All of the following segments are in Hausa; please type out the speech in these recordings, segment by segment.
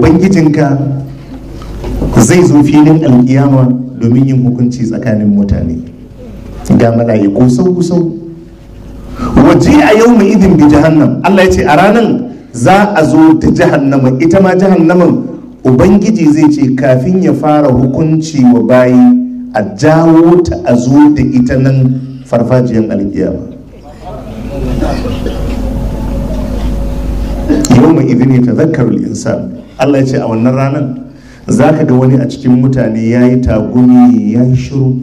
ubangijinka zai zo filin alkiyama domin yin hukunci tsakanin mutane ga mala'iku sau kusau waje a yau mai idin bi jahannam Allah ya ce a ranan za a zo da jahannama ita ma jahannaman ubangiji zai ce kafin ya fara hukunci wa bayi a jawo ta a zo da ita nan farfajiyar alkiyama yau mai idin ya tazakkarul insan Allah ya ce a wannan ranar za ka ga wani a cikin mutane ya yi tagumi ya yi shiru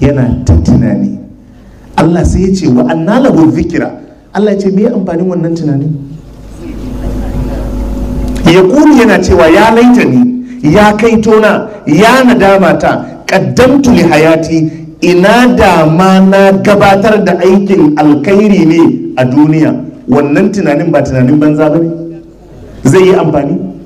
yana ta tunani Allah sai ya ce wa annalahu zikira Allah ya ce me amfanin wannan tunani ya yana cewa ya laita ni ya kai tona ya nadama ta kaddamtu li hayati ina da ma na gabatar da aikin alkhairi ne a duniya wannan tunanin ba tunanin banza ba ne zai yi amfani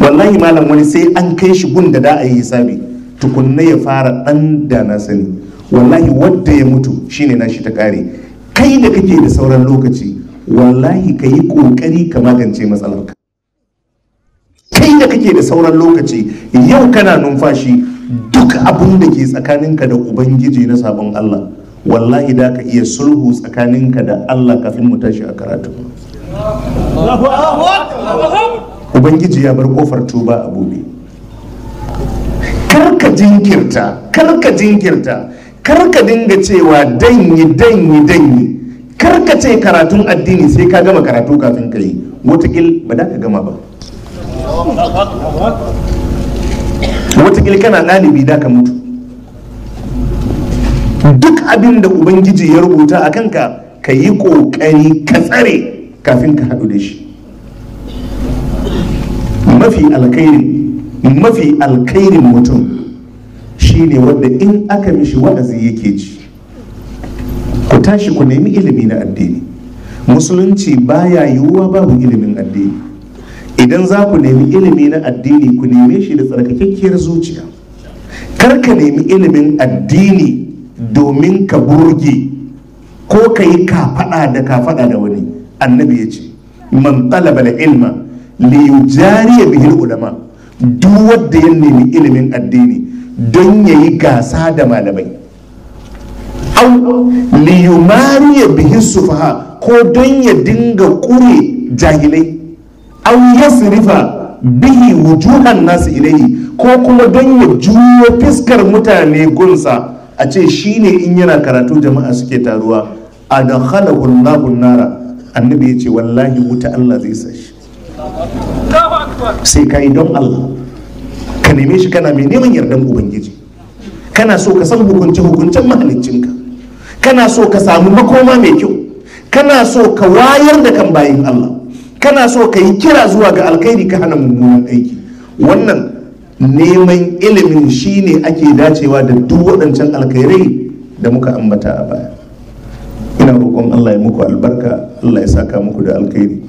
wallahi malam wani sai an kai shi gun da da a yi hisabi tukunna ya fara dan da na sani wallahi wadda ya mutu shine na shi ta kare kai da kake da sauran lokaci wallahi ka yi kokari ka magance matsalarka kai da kake da sauran lokaci yau kana numfashi duk abun da ke tsakaninka da ubangiji na sabon Allah wallahi da ka iya sulhu tsakaninka da Allah kafin mu tashi a karatu ubangiji ya bar kofar tuba a buɗe karka jinkirta karka jinkirta karka dinga cewa danyi danyi danyi karka ce karatun addini sai ka gama karatu kafin ka yi watakil ba da ka gama ba watakil kana ɗalibi da ka mutu duk abin da ubangiji ya rubuta a kanka ka yi ƙoƙari ka tsare kafin ka haɗu da shi mafi alkairi mafi alkhairin mutum shine wanda in aka mishi wa'azi yake ji ku tashi ku nemi ilimi na addini musulunci baya yiwuwa babu ilimin addini idan za ku nemi ilimi na addini ku neme shi da tsarkakakkiyar zuciya kar ka nemi ilimin addini domin ka burge ko ka yi kafaɗa da kafaɗa da wani annabi ya ce man talaba ilma liyujariya bihil ulama duk wanda ya nemi ilimin addini don ya yi gasa da malamai au liyumariya bihin sufaha ko don ya dinga kure jahilai au yasrifa bihi wujuhan nasu ilaihi ko kuma don ya juyo fiskar mutane gunsa a ce shine in yana karatu jama'a suke taruwa a da halahun nara annabi ya ce wallahi wuta Allah zai sashi sai ka yi don Allah ka neme shi kana mai neman yardan ubangiji kana so ka san hukunce hukuncen mahaliccinka kana so ka samu makoma mai kyau kana so ka wayar da kan bayin Allah kana so ka yi kira zuwa ga alkhairi ka hana mummunan aiki wannan neman ilimin shi ne ake dacewa da duk waɗancan alkhairai da muka ambata a baya ina roƙon Allah ya muku albarka Allah ya saka muku da alkhairi